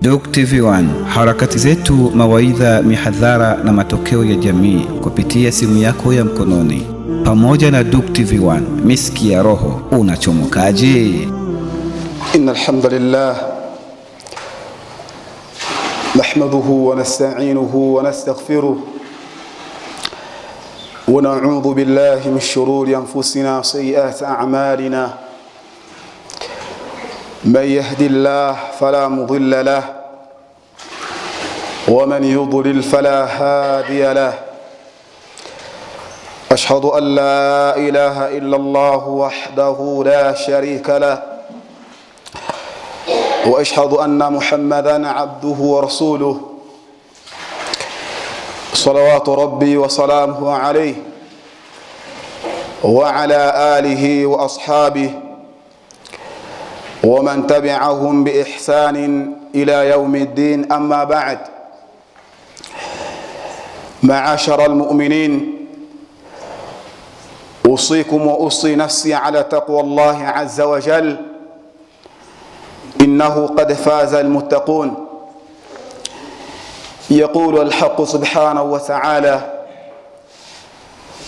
DUG TV1, harakati zetu, mawaidha, mihadhara na matokeo ya jamii kupitia simu yako ya mkononi pamoja na DUG TV1. Miski ya roho, unachomokaje? Innal hamdalillah nahmaduhu wa nasta'inuhu wa nastaghfiruh wa na'udhu billahi min shururi anfusina wa sayyiati a'malina من يهد الله فلا مضل له ومن يضلل فلا هادي له أشهد أن لا إله إلا الله وحده لا شريك له وأشهد أن محمدا عبده ورسوله صلوات ربي وسلامه عليه وعلى آله وأصحابه ومن تبعهم بإحسان إلى يوم الدين أما بعد معاشر المؤمنين أوصيكم وأوصي نفسي على تقوى الله عز وجل إنه قد فاز المتقون يقول الحق سبحانه وتعالى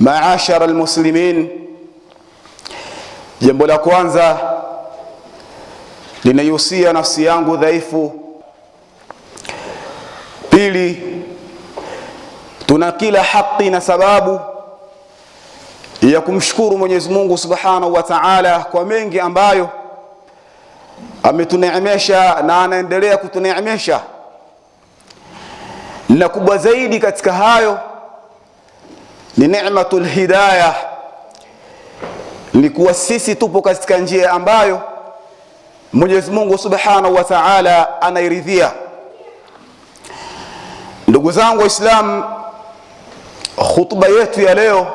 Maashara lmuslimin jambo la kwanza linaihusia nafsi yangu dhaifu. Pili, tuna kila haki na sababu ya kumshukuru Mwenyezi Mungu Subhanahu wa Ta'ala kwa mengi ambayo ametuneemesha na anaendelea kutuneemesha, na kubwa zaidi katika hayo ni neematul lhidaya ni kuwa sisi tupo katika njia ambayo Mwenyezi Mungu Subhanahu wa Ta'ala anairidhia. Ndugu zangu Waislamu, khutba yetu ya leo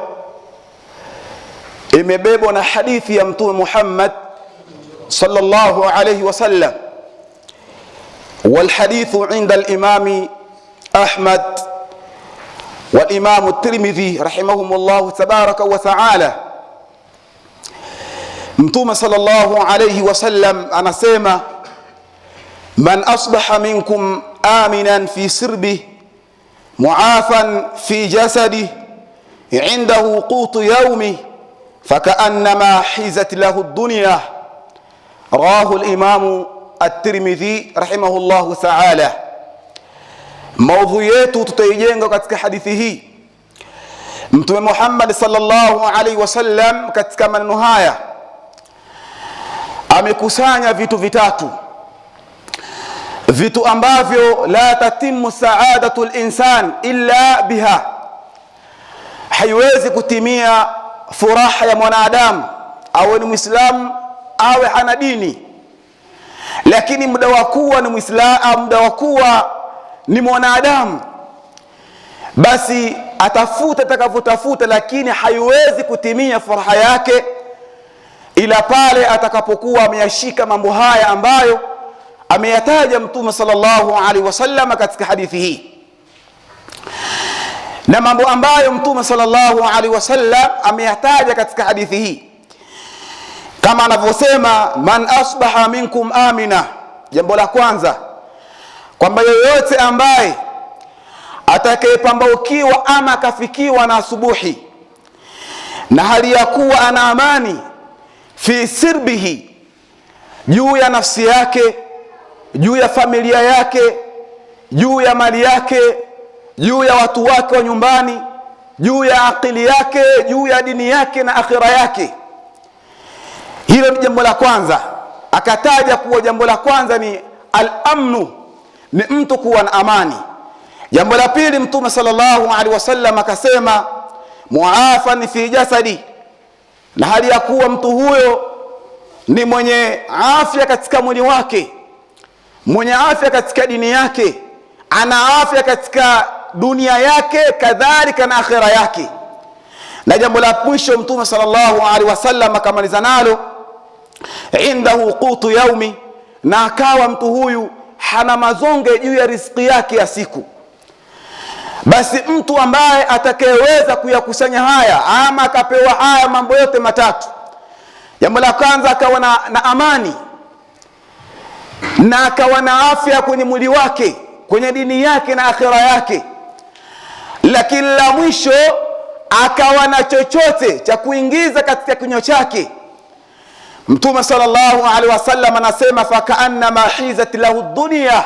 imebebwa na hadithi ya Mtume Muhammad sallallahu alayhi wasallam, walhadithu inda al Ahmad والإمام الترمذي رحمهم الله تبارك وتعالى متوم صلى الله عليه وسلم أنا سيما من أصبح منكم آمنا في سربه معافا في جسده عنده قوت يومه فكأنما حيزت له الدنيا راه الإمام الترمذي رحمه الله تعالى Maudhui yetu tutaijenga katika hadithi hii. Mtume Muhammad sallallahu alaihi wasallam katika maneno haya amekusanya vitu vitatu, vitu ambavyo la tatimu saadatu linsan illa biha, haiwezi kutimia furaha ya mwanadamu awe ni Mwislamu awe hana dini, lakini muda wa kuwa ni Mwislamu, muda wa kuwa ni mwanadamu, basi atafuta atakavyotafuta, lakini haiwezi kutimia furaha yake ila pale atakapokuwa ameyashika mambo haya ambayo ameyataja Mtume sallallahu alaihi wasallam katika hadithi hii, na mambo ambayo Mtume sallallahu alaihi wasallam ameyataja katika hadithi hii kama anavyosema, man asbaha minkum amina, jambo la kwanza kwamba yoyote ambaye atakayepambaukiwa ama akafikiwa na asubuhi na hali ya kuwa ana amani fi sirbihi, juu ya nafsi yake, juu ya familia yake, juu ya mali yake, juu ya watu wake wa nyumbani, juu ya akili yake, juu ya dini yake na akhira yake. Hilo ni jambo la kwanza, akataja kuwa jambo la kwanza ni alamnu ni mtu kuwa na amani. Jambo la pili, Mtume sallallahu alaihi wasallam akasema muafan fi jasadi, na hali ya kuwa mtu huyo ni mwenye afya katika mwili wake, mwenye afya katika dini yake, ana afya katika dunia yake, kadhalika na akhera yake. Na jambo la mwisho Mtume sallallahu alaihi wasallam akamaliza nalo indahu qutu yaumi, na akawa mtu huyu hana mazonge juu ya riziki yake ya siku, basi mtu ambaye atakayeweza kuyakusanya haya ama akapewa haya mambo yote matatu, jambo la kwanza akawa na, na amani na akawa na afya kwenye mwili wake, kwenye dini yake na akhira yake, lakini la mwisho akawa na chochote cha kuingiza katika kinywa chake Mtume sallallahu alaihi wasallam anasema fakaannama hizat lahu dunia,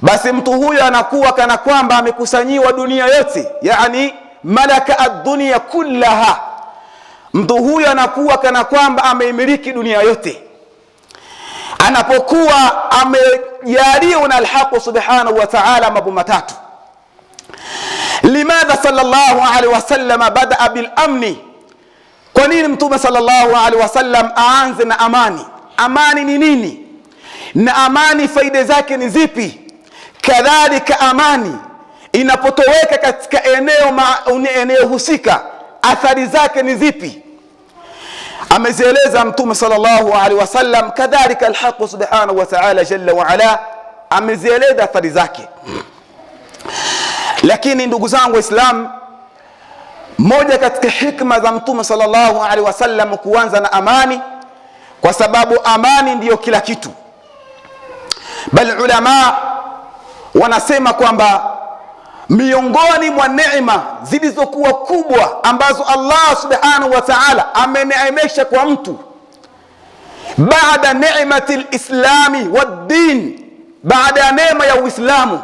basi mtu huyo anakuwa kana kwamba amekusanyiwa dunia yote, yani malaka ad-dunya kullaha, mtu huyo anakuwa kana kwamba ameimiliki dunia yote anapokuwa amejaliwa na alhaqu subhanahu wa ta'ala mambo matatu. Limadha sallallahu alaihi wasallam badaa bil amni kwa nini Mtume sallallahu alaihi wasallam aanze na amani? Amani ni nini? Na amani faida zake ni zipi? Kadhalika, amani inapotoweka katika eneo ma, eneo husika athari zake ni zipi? Amezieleza Mtume sallallahu alaihi wasallam. Kadhalika, alhaq subhanahu wa ta'ala jalla wa ala amezieleza athari zake. Lakini ndugu zangu Waislamu, moja katika hikma za Mtume sallallahu alaihi wasallam kuanza na amani, kwa sababu amani ndiyo kila kitu. Bali ulama wanasema kwamba miongoni mwa neema zilizokuwa kubwa ambazo Allah subhanahu wa ta'ala ameneemesha kwa mtu baada neemati lislami waddin, baada ya neema ya Uislamu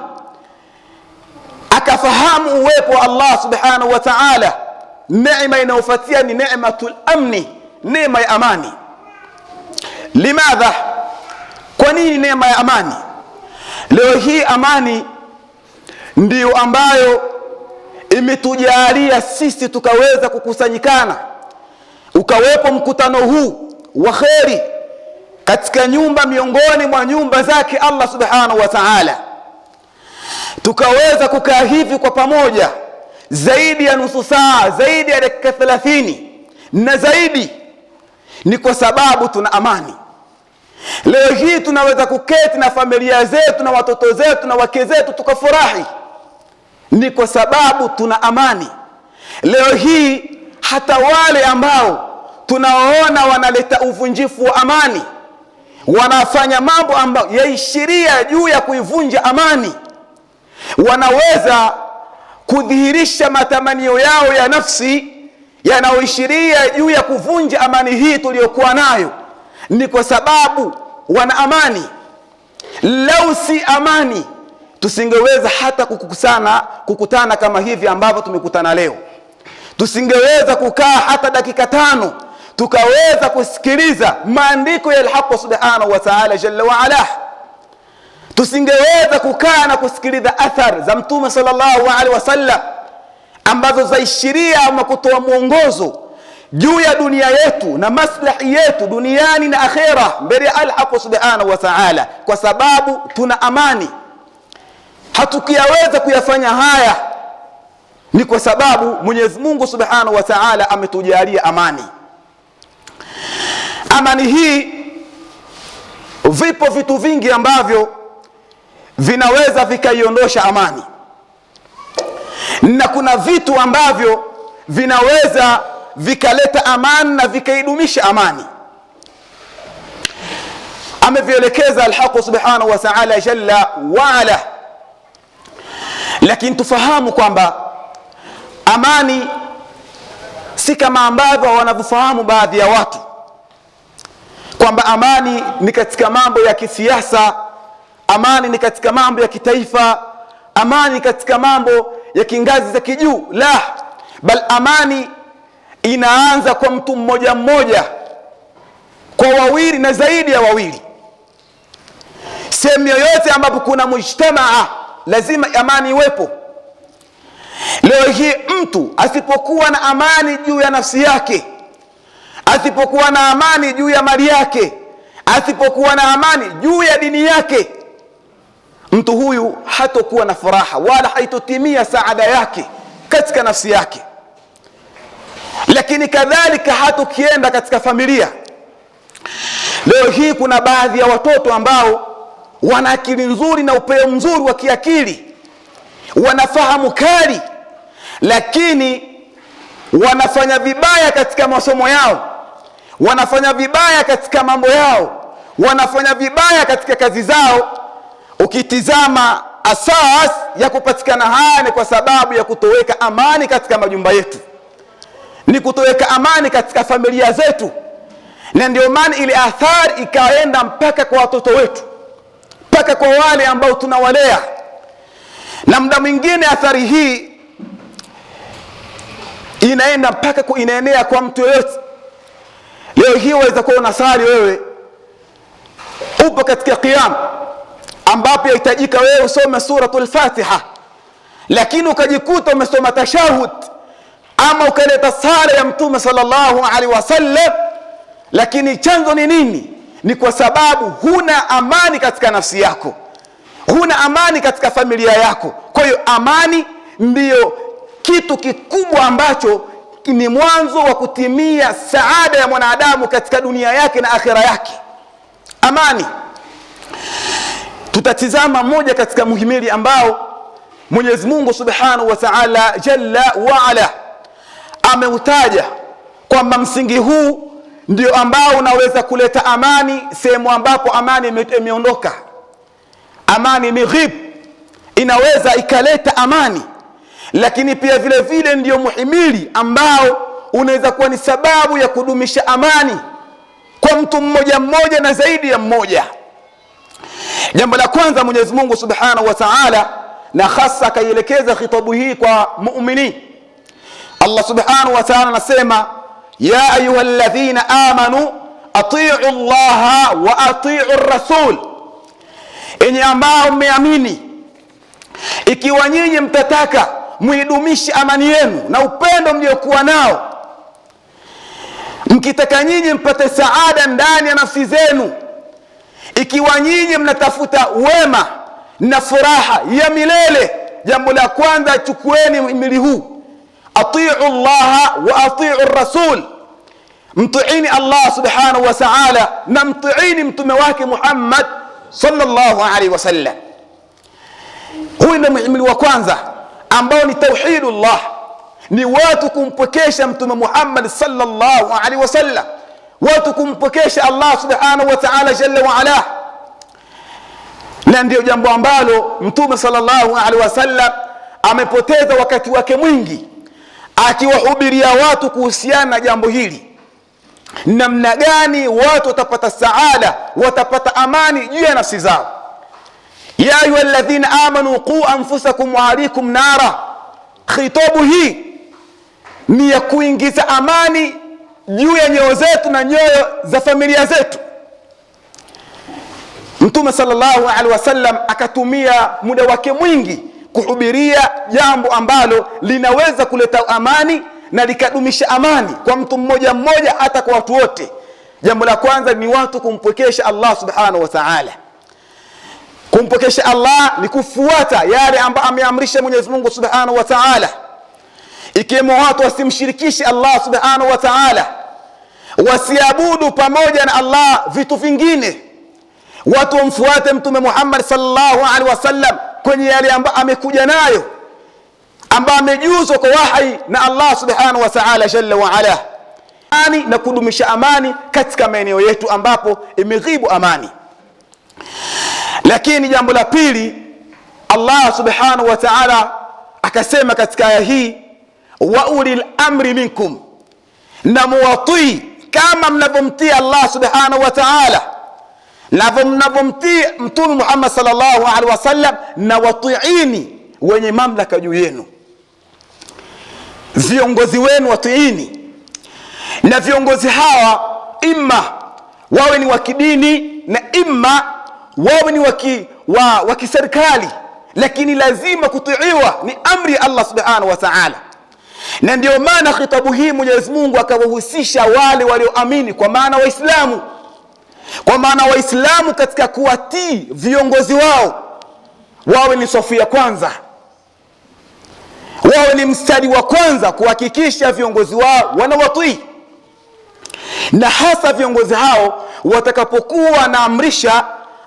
akafahamu uwepo wa Allah subhanahu wa ta'ala. Neema inayofuatia ni neematul amni, neema ya amani. Limadha, kwa nini neema ya amani? Leo hii amani ndiyo ambayo imetujalia sisi tukaweza kukusanyikana, ukawepo mkutano huu wa kheri katika nyumba miongoni mwa nyumba zake Allah subhanahu wa ta'ala tukaweza kukaa hivi kwa pamoja zaidi ya nusu saa, zaidi ya dakika thelathini na zaidi, ni kwa sababu tuna amani. Leo hii tunaweza kuketi na familia zetu na watoto zetu na wake zetu tukafurahi, ni kwa sababu tuna amani. Leo hii hata wale ambao tunaoona wanaleta uvunjifu wa amani, wanafanya mambo ambayo yaishiria juu ya kuivunja amani wanaweza kudhihirisha matamanio yao ya nafsi yanayoishiria juu ya kuvunja amani hii tuliyokuwa nayo, ni kwa sababu wana amani. Lau si amani, tusingeweza hata kukusana, kukutana kama hivi ambavyo tumekutana leo. Tusingeweza kukaa hata dakika tano tukaweza kusikiliza maandiko ya Alhaq subhanahu wa ta'ala jalla wa ala tusingeweza kukaa na kusikiliza athari za Mtume sallallahu alaihi wasallam ambazo zaishiria ama kutoa mwongozo juu ya dunia yetu na maslahi yetu duniani na akhera mbele ya Allah subhanahu wa ta'ala, kwa sababu tuna amani. Hatukiyaweza kuyafanya haya ni kwa sababu Mwenyezi Mungu subhanahu wa ta'ala ametujalia amani. Amani hii, vipo vitu vingi ambavyo vinaweza vikaiondosha amani, na kuna vitu ambavyo vinaweza vikaleta amani na vikaidumisha amani. Amevielekeza Alhaqu subhanahu wa ta'ala jalla waala. Lakini tufahamu kwamba amani si kama ambavyo wanavyofahamu baadhi ya watu kwamba amani ni katika mambo ya kisiasa amani ni katika mambo ya kitaifa, amani ni katika mambo ya kingazi za kijuu. La bal, amani inaanza kwa mtu mmoja mmoja, kwa wawili na zaidi ya wawili. Sehemu yoyote ambapo kuna mujtamaa, lazima amani iwepo. Leo hii mtu asipokuwa na amani juu ya nafsi yake, asipokuwa na amani juu ya mali yake, asipokuwa na amani juu ya dini yake mtu huyu hatokuwa na furaha wala haitotimia saada yake katika nafsi yake, lakini kadhalika hatokienda katika familia. Leo hii kuna baadhi ya watoto ambao wana akili nzuri na upeo mzuri wa kiakili, wanafahamu kali, lakini wanafanya vibaya katika masomo yao, wanafanya vibaya katika mambo yao, wanafanya vibaya katika kazi zao Ukitizama asas ya kupatikana haya ni kwa sababu ya kutoweka amani katika majumba yetu, ni kutoweka amani katika familia zetu, na ndio maana ile athari ikaenda mpaka kwa watoto wetu, mpaka kwa wale ambao tunawalea. Na muda mwingine athari hii inaenda mpaka kwa, inaenea kwa mtu yoyote. Leo hii waweza kuwa unasali wewe, upo katika kiama ambapo yahitajika wewe usome suratul Fatiha, lakini ukajikuta umesoma tashahud ama ukaleta sala ya Mtume sallallahu alaihi wasallam, lakini chanzo ni nini? Ni kwa sababu huna amani katika nafsi yako, huna amani katika familia yako. Kwa hiyo amani ndiyo kitu kikubwa ambacho ni mwanzo wa kutimia saada ya mwanadamu katika dunia yake na akhera yake. Amani. Tutatizama moja katika muhimili ambao Mwenyezi Mungu Subhanahu wa Ta'ala jalla wa ala ameutaja kwamba msingi huu ndio ambao unaweza kuleta amani sehemu ambapo amani imeondoka, amani imeghib, inaweza ikaleta amani, lakini pia vile vile ndio muhimili ambao unaweza kuwa ni sababu ya kudumisha amani kwa mtu mmoja mmoja na zaidi ya mmoja. Jambo la kwanza, Mwenyezi Mungu Subhanahu wa Ta'ala na hasa akaielekeza khitabu hii kwa muumini. Allah Subhanahu wa Ta'ala anasema ya ladhina amanu atiu llaha wa atiu rasul, enye ambao mmeamini, ikiwa nyinyi mtataka muidumishe amani yenu na upendo mliokuwa nao, mkitaka nyinyi mpate saada ndani ya nafsi zenu ikiwa nyinyi mnatafuta wema na furaha ya milele, jambo la kwanza chukueni mhimili huu, atiu llaha wa atiu rasul, mtiini Allah subhanahu wa ta'ala na mtiini mtume wake Muhammad salllah alaihi wasallam. Huyu ndo mhimili wa kwanza ambao ni tauhidu llah ni watu kumpwekesha mtume muhammadi salllah alaihi wasallam watu kumpokesha Allah subhanahu wa ta'ala jalla wa ala, na ndio jambo ambalo Mtume sallallahu alaihi wasallam amepoteza wakati wake mwingi akiwahubiria watu kuhusiana na jambo hili, namna gani watu watapata saada, watapata amani juu ya nafsi zao. ya ayuha alladhina amanu qu anfusakum wa alaikum nara, khitabu hii ni ya kuingiza amani juu ya nyoyo zetu na nyoyo za familia zetu. Mtume sallallahu alaihi wasallam akatumia muda wake mwingi kuhubiria jambo ambalo linaweza kuleta amani na likadumisha amani kwa mtu mmoja mmoja, hata kwa watu wote. Jambo la kwanza ni watu kumpwekesha Allah subhanahu wa ta'ala. Kumpwekesha Allah ni kufuata yale ambayo ameamrisha Mwenyezi Mungu subhanahu wa ta'ala ikiwemo watu wasimshirikishe Allah subhanahu wa ta'ala, wasiabudu pamoja na Allah vitu vingine, watu wamfuate Mtume Muhammad sallallahu alaihi wasallam kwenye yale ambayo amekuja nayo, ambayo amejuzwa kwa wahi na Allah subhanahu wa ta'ala jalla wa ala, ani na kudumisha amani katika maeneo yetu ambapo imeghibu amani. Lakini jambo la pili, Allah subhanahu wa ta'ala akasema katika aya hii wa ulil amri minkum, na muwatii kama mnavyomtii Allah subhanahu wa ta'ala, mnavyomtii Mtume Muhammad sallallahu alaihi wasallam, na watiini wenye mamlaka juu yenu, viongozi wenu watiini. Na viongozi hawa imma wawe ni wa kidini na imma wawe ni wa kiserikali, lakini lazima kutiiwa, ni amri ya Allah subhanahu wa ta'ala na ndio maana khitabu hii Mwenyezi Mungu akawahusisha wale walioamini, kwa maana Waislamu, kwa maana Waislamu katika kuwatii viongozi wao, wawe ni safu ya kwanza, wawe ni mstari wa kwanza kuhakikisha viongozi wao wanawatii, na hasa viongozi hao watakapokuwa wanaamrisha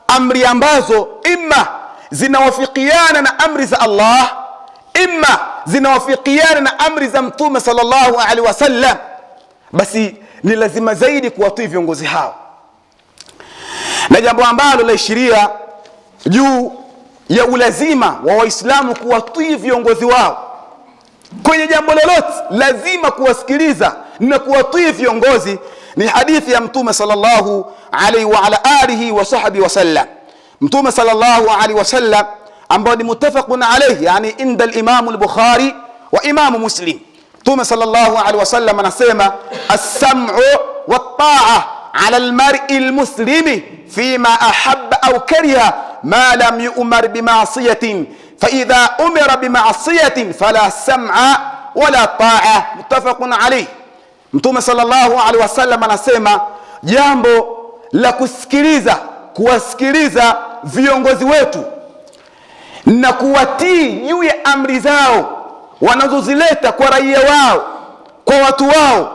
amri ambazo ima zinawafikiana na amri za Allah imma zinawafikiana na amri za Mtume sallallahu alaihi wasallam, basi ni lazima zaidi kuwatii viongozi hao, na jambo ambalo la ishiria juu ya ulazima wa Waislamu kuwatii viongozi wao kwenye jambo lolote, lazima kuwasikiliza na kuwatii viongozi. Ni hadithi ya Mtume sallallahu alaihi wa ala alihi wa sahbihi wasallam. Mtume sallallahu alaihi wasallam ambao ni mutafaqun alayhi, yani inda al-Imam al-Bukhari wa Imam Muslim. Mtume sallallahu alaihi wasallam anasema as-sam'u wat-ta'a ala al-mar'i al-muslimi fima ahabba aw kariha ma lam yu'mar bima'siyatin fa idha umira bima'siyatin fala sam'a wala ta'a, mutafaqun alayhi. Mtume sallallahu alaihi wasallam anasema jambo la kusikiliza, kuwasikiliza viongozi wetu na kuwatii juu ya amri zao wanazozileta kwa raia wao, kwa watu wao.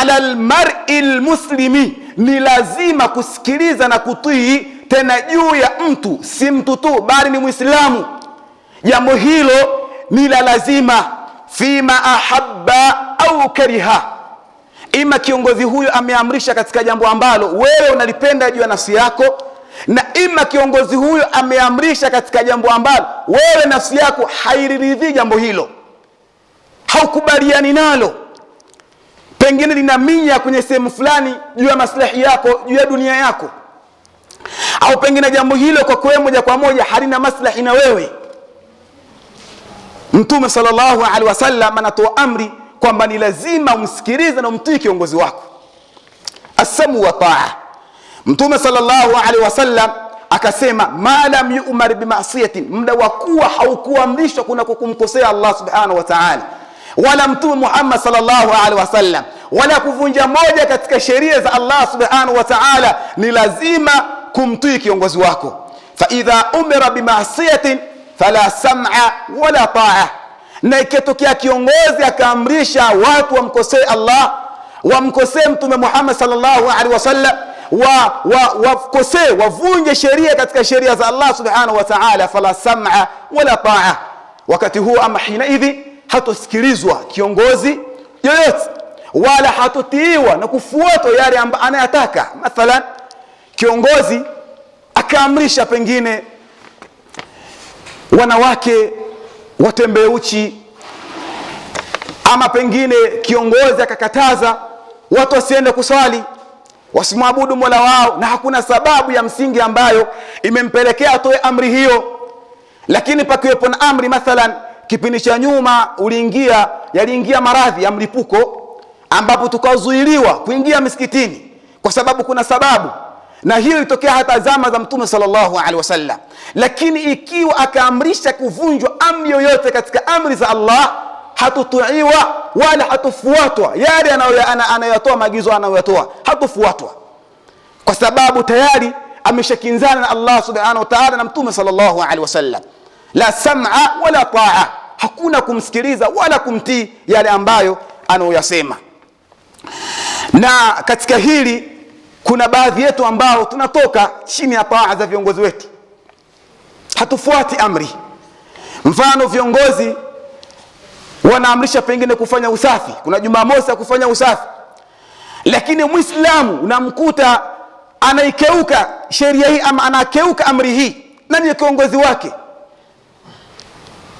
Ala almar'i almuslimi, ni lazima kusikiliza na kutii, tena juu ya mtu, si mtu tu, bali ni Mwislamu. Jambo hilo ni la lazima, fima ahabba au kariha, ima kiongozi huyo ameamrisha katika jambo ambalo wewe unalipenda juu ya nafsi yako na ima kiongozi huyo ameamrisha katika jambo ambalo wewe nafsi yako hairidhii jambo hilo, haukubaliani nalo, pengine linaminya kwenye sehemu fulani juu ya maslahi yako, juu ya dunia yako, au pengine jambo hilo kwa wewe moja kwa moja halina maslahi na wewe. Mtume sallallahu alaihi wasallam anatoa amri kwamba ni lazima umsikilize na umtii kiongozi wako, asamu wa taa Mtume sallallahu alaihi wasallam akasema, ma lam yu'mar bimasiyatin, muda wa kuwa haukuamrishwa kuna kukumkosea Allah subhanahu wa ta'ala, wala Mtume Muhammad sallallahu alaihi wasallam, wala kuvunja moja katika sheria za Allah subhanahu wa ta'ala, ni lazima kumtii kiongozi wako. Fa idha umira bimasiyatin fala sam'a wala ta'a, na ikitokea kiongozi akaamrisha watu wamkosee Allah, wamkosee Mtume Muhammad sallallahu alaihi wasallam wakosee wa, wa wavunje sheria katika sheria za Allah subhanahu wa ta'ala, fala sam'a wala ta'a. Wakati huo ama hina hivi hatosikilizwa kiongozi yoyote wala hatotiiwa na kufuatwa yale ambayo anayataka. Mathalan, kiongozi akaamrisha pengine wanawake watembee uchi, ama pengine kiongozi akakataza watu wasiende kuswali wasimwabudu mola wao, na hakuna sababu ya msingi ambayo imempelekea atoe amri hiyo. Lakini pakiwepo na amri, mathalan kipindi cha nyuma uliingia, yaliingia maradhi ya mlipuko, ambapo tukazuiliwa kuingia misikitini kwa sababu kuna sababu, na hiyo ilitokea hata zama za Mtume salallahu alehi wasallam. Lakini ikiwa akaamrisha kuvunjwa amri yoyote katika amri za Allah hatutuiwa wala hatufuatwa yale anayoyatoa maagizo anayoyatoa hatufuatwa, kwa sababu tayari ameshakinzana na Allah subhanahu wa ta'ala na mtume sallallahu alaihi wasallam. La sam'a wala ta'a, hakuna kumsikiliza wala kumtii yale ambayo anayoyasema. Na katika hili kuna baadhi yetu ambao tunatoka chini ya taa za viongozi wetu, hatufuati amri. Mfano viongozi wanaamrisha pengine kufanya usafi, kuna Jumamosi ya kufanya usafi, lakini Mwislamu unamkuta anaikeuka sheria hii ama anakeuka amri hii. Nani ya kiongozi wake?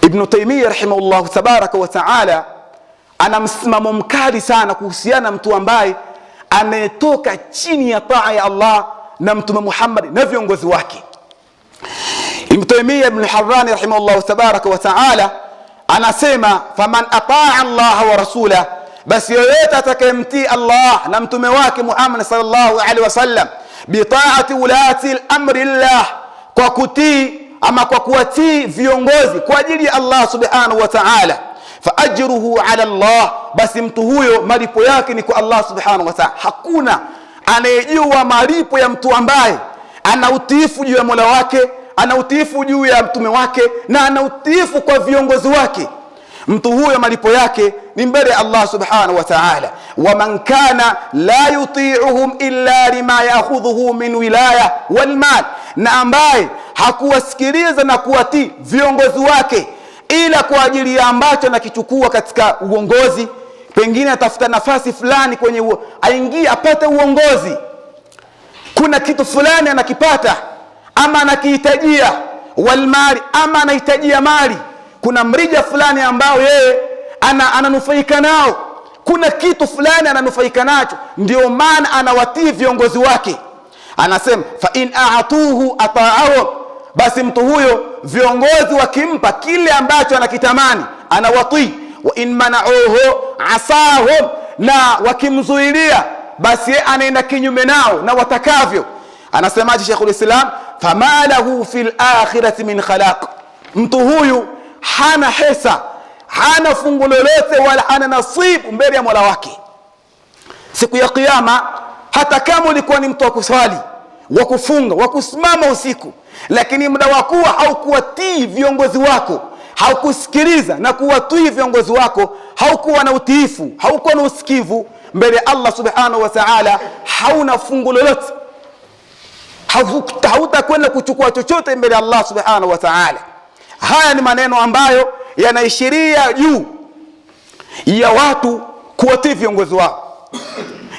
Ibnu Taimia rahimahullahu tabaraka wa taala ana msimamo mkali sana kuhusiana mtu ambaye anayetoka chini ya taa ya Allah na Mtume Muhammad na viongozi wake. Ibnu Taimia Ibnu Harani rahimahullahu tabaraka wa taala anasema faman ataa Allah wa rasula, basi yoyote atakayemtii Allah na mtume wake Muhammad sallallahu alaihi wasallam, bitaati ulati amri llah, kwa kutii ama kwa kuwatii viongozi kwa ajili ya Allah subhanahu wa ta'ala, fa ajruhu ala Allah, basi mtu huyo malipo yake ni kwa Allah subhanahu wa ta'ala. Hakuna anayejua malipo ya mtu ambaye ana utiifu juu ya mola wake ana utiifu juu ya mtume wake na ana utiifu kwa viongozi wake, mtu huyo malipo yake ni mbele ya Allah subhanahu wa ta'ala. Waman kana la yuti'uhum illa lima ya'khudhuhu min wilaya wal mal, na ambaye hakuwasikiliza na kuwatii viongozi wake ila kwa ajili ya ambacho anakichukua katika uongozi, pengine atafuta nafasi fulani kwenye aingie apate uongozi, kuna kitu fulani anakipata ama anakihitajia walmali, ama anahitajia mali. Kuna mrija fulani ambao yeye ana, ananufaika nao, kuna kitu fulani ananufaika nacho, ndio maana anawatii viongozi wake. Anasema fa in a'tuhu ata'ahum, basi mtu huyo viongozi wakimpa kile ambacho anakitamani anawatii. Wa in mana'uhu asahum, na wakimzuilia basi yeye anaenda kinyume nao na watakavyo Anasemaje Sheikhul Islam, fama lahu fil akhirati min khalaq, mtu huyu hana hesa, hana fungu lolote, wala hana nasibu mbele ya Mola wake siku ya Kiyama. Hata kama ulikuwa ni mtu wa kuswali, wa kufunga, wa kusimama usiku, lakini muda wa kuwa haukuwatii viongozi wako haukusikiliza na kuwatii viongozi wako, haukuwa na utiifu, haukuwa na usikivu mbele ya Allah subhanahu wa ta'ala, hauna fungu lolote hautakwenda kuchukua chochote mbele ya Allah subhanahu wa ta'ala. Haya ni maneno ambayo yanaishiria juu ya watu kuwatii viongozi wao,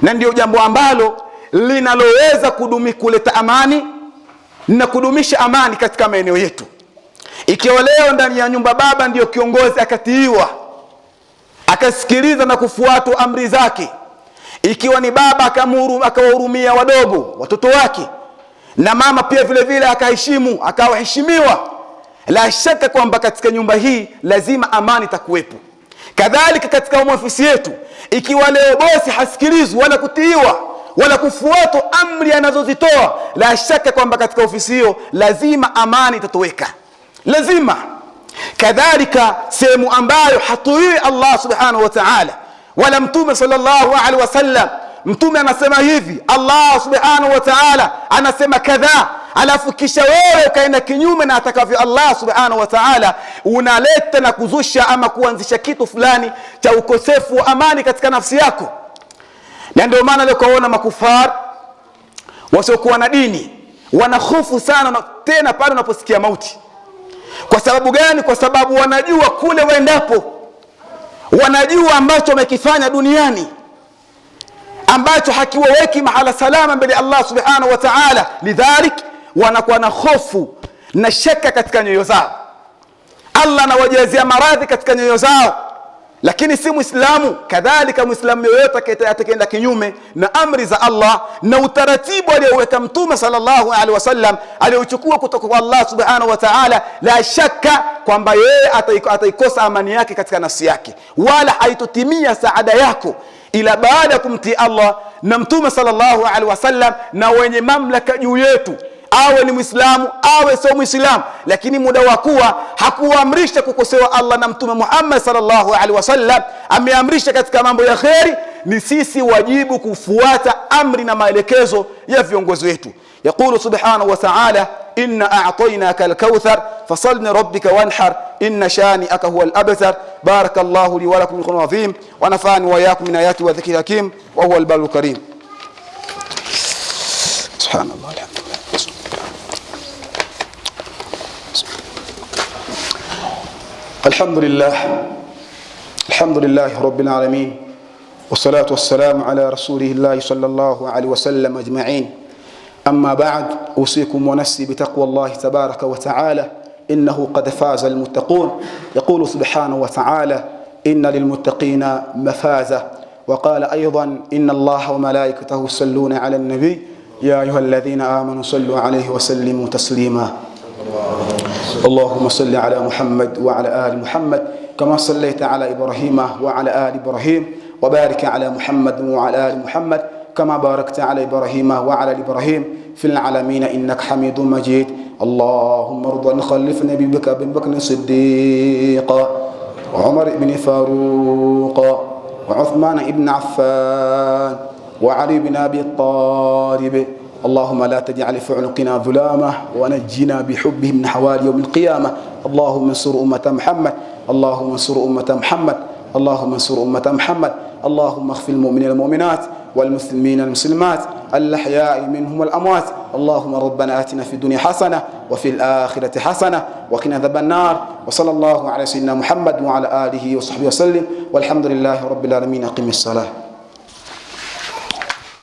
na ndio jambo ambalo linaloweza kudumi kuleta amani na kudumisha amani katika maeneo yetu. Ikiwa leo ndani ya nyumba baba ndiyo kiongozi akatiiwa, akasikiliza na kufuatwa amri zake, ikiwa ni baba akawahurumia wadogo watoto wake na mama pia vile vile akaheshimu, akawaheshimiwa. La shaka kwamba katika nyumba hii lazima amani itakuwepo. Kadhalika katika ofisi yetu, ikiwa leo bosi hasikilizwi wala kutiiwa wala kufuatwa amri anazozitoa, la shaka kwamba katika ofisi hiyo lazima amani itatoweka, lazima kadhalika sehemu ambayo hatuii Allah subhanahu wa ta'ala wala Mtume sallallahu alaihi wasallam Mtume anasema hivi, Allah subhanahu wa ta'ala anasema kadhaa, alafu kisha wewe ukaenda kinyume na atakavyo Allah subhanahu wa ta'ala, unaleta na kuzusha ama kuanzisha kitu fulani cha ukosefu wa amani katika nafsi yako. Na ndio maana leo makufar wasiokuwa na dini wanahofu sana tena pale unaposikia mauti. Kwa sababu gani? Kwa sababu wanajua kule waendapo, wanajua ambacho wamekifanya duniani ambacho hakiwaweki mahala salama mbele ya Allah subhanahu wa ta'ala. Lidhalik, wanakuwa na hofu na shaka katika nyoyo zao. Allah anawajazia maradhi katika nyoyo zao, lakini si Muislamu. Kadhalika Muislamu yoyote atakayeenda kinyume na amri za Allah na utaratibu aliyoweka Mtume sallallahu alaihi wasallam aliyouchukua kutoka kwa Allah subhanahu wa ta'ala, la shaka kwamba yeye ataikosa amani yake katika nafsi yake, wala haitotimia saada yako ila baada ya kumtii Allah na Mtume sallallahu alaihi wasallam na wenye mamlaka juu yetu, awe ni Mwislamu awe sio Mwislamu, lakini muda wa kuwa hakuamrisha kukosewa Allah na Mtume Muhammad sallallahu alaihi wasallam, ameamrisha katika mambo ya kheri. Ni sisi wajibu kufuata amri na maelekezo ya viongozi wetu. يقول سبحانه وتعالى إن أعطيناك الكوثر فصلني ربك وانحر إن شانئك هو الأبثر بارك الله لي ولكم من القرآن العظيم ونفعني وإياكم من آياته وذكر الحكيم وهو البال الكريم سبحان الله الحمد لله الحمد لله الحمد لله رب العالمين والصلاة والسلام على رسوله الله صلى الله عليه وسلم أجمعين أما بعد أوصيكم ونفسي بتقوى الله تبارك وتعالى إنه قد فاز المتقون يقول سبحانه وتعالى إن للمتقين مفازة وقال أيضا إن الله وملائكته يصلون على النبي يا أيها الذين آمنوا صلوا عليه وسلموا تسليما اللهم صل على محمد وعلى آل محمد كما صليت على إبراهيم وعلى آل إبراهيم وبارك على محمد وعلى آل محمد كما باركت على إبراهيم وعلى إبراهيم في العالمين إنك حميد مجيد اللهم ارضى عن خلفنا بك بن بكر الصديق وعمر بن فاروق وعثمان بن عفان وعلي بن أبي طالب اللهم لا تجعل في عنقنا ظلامة ونجنا بحبهم من حوالي يوم القيامة اللهم انصر أمة محمد اللهم انصر أمة محمد اللهم انصر أمة محمد اللهم اغفر المؤمنين المؤمنات والمسلمين المسلمات الأحياء منهم والأموات اللهم ربنا آتنا في الدنيا حسنة وفي الآخرة حسنة وقنا ذب النار وصلى الله على سيدنا محمد وعلى آله وصحبه وسلم والحمد لله رب العالمين أقم الصلاة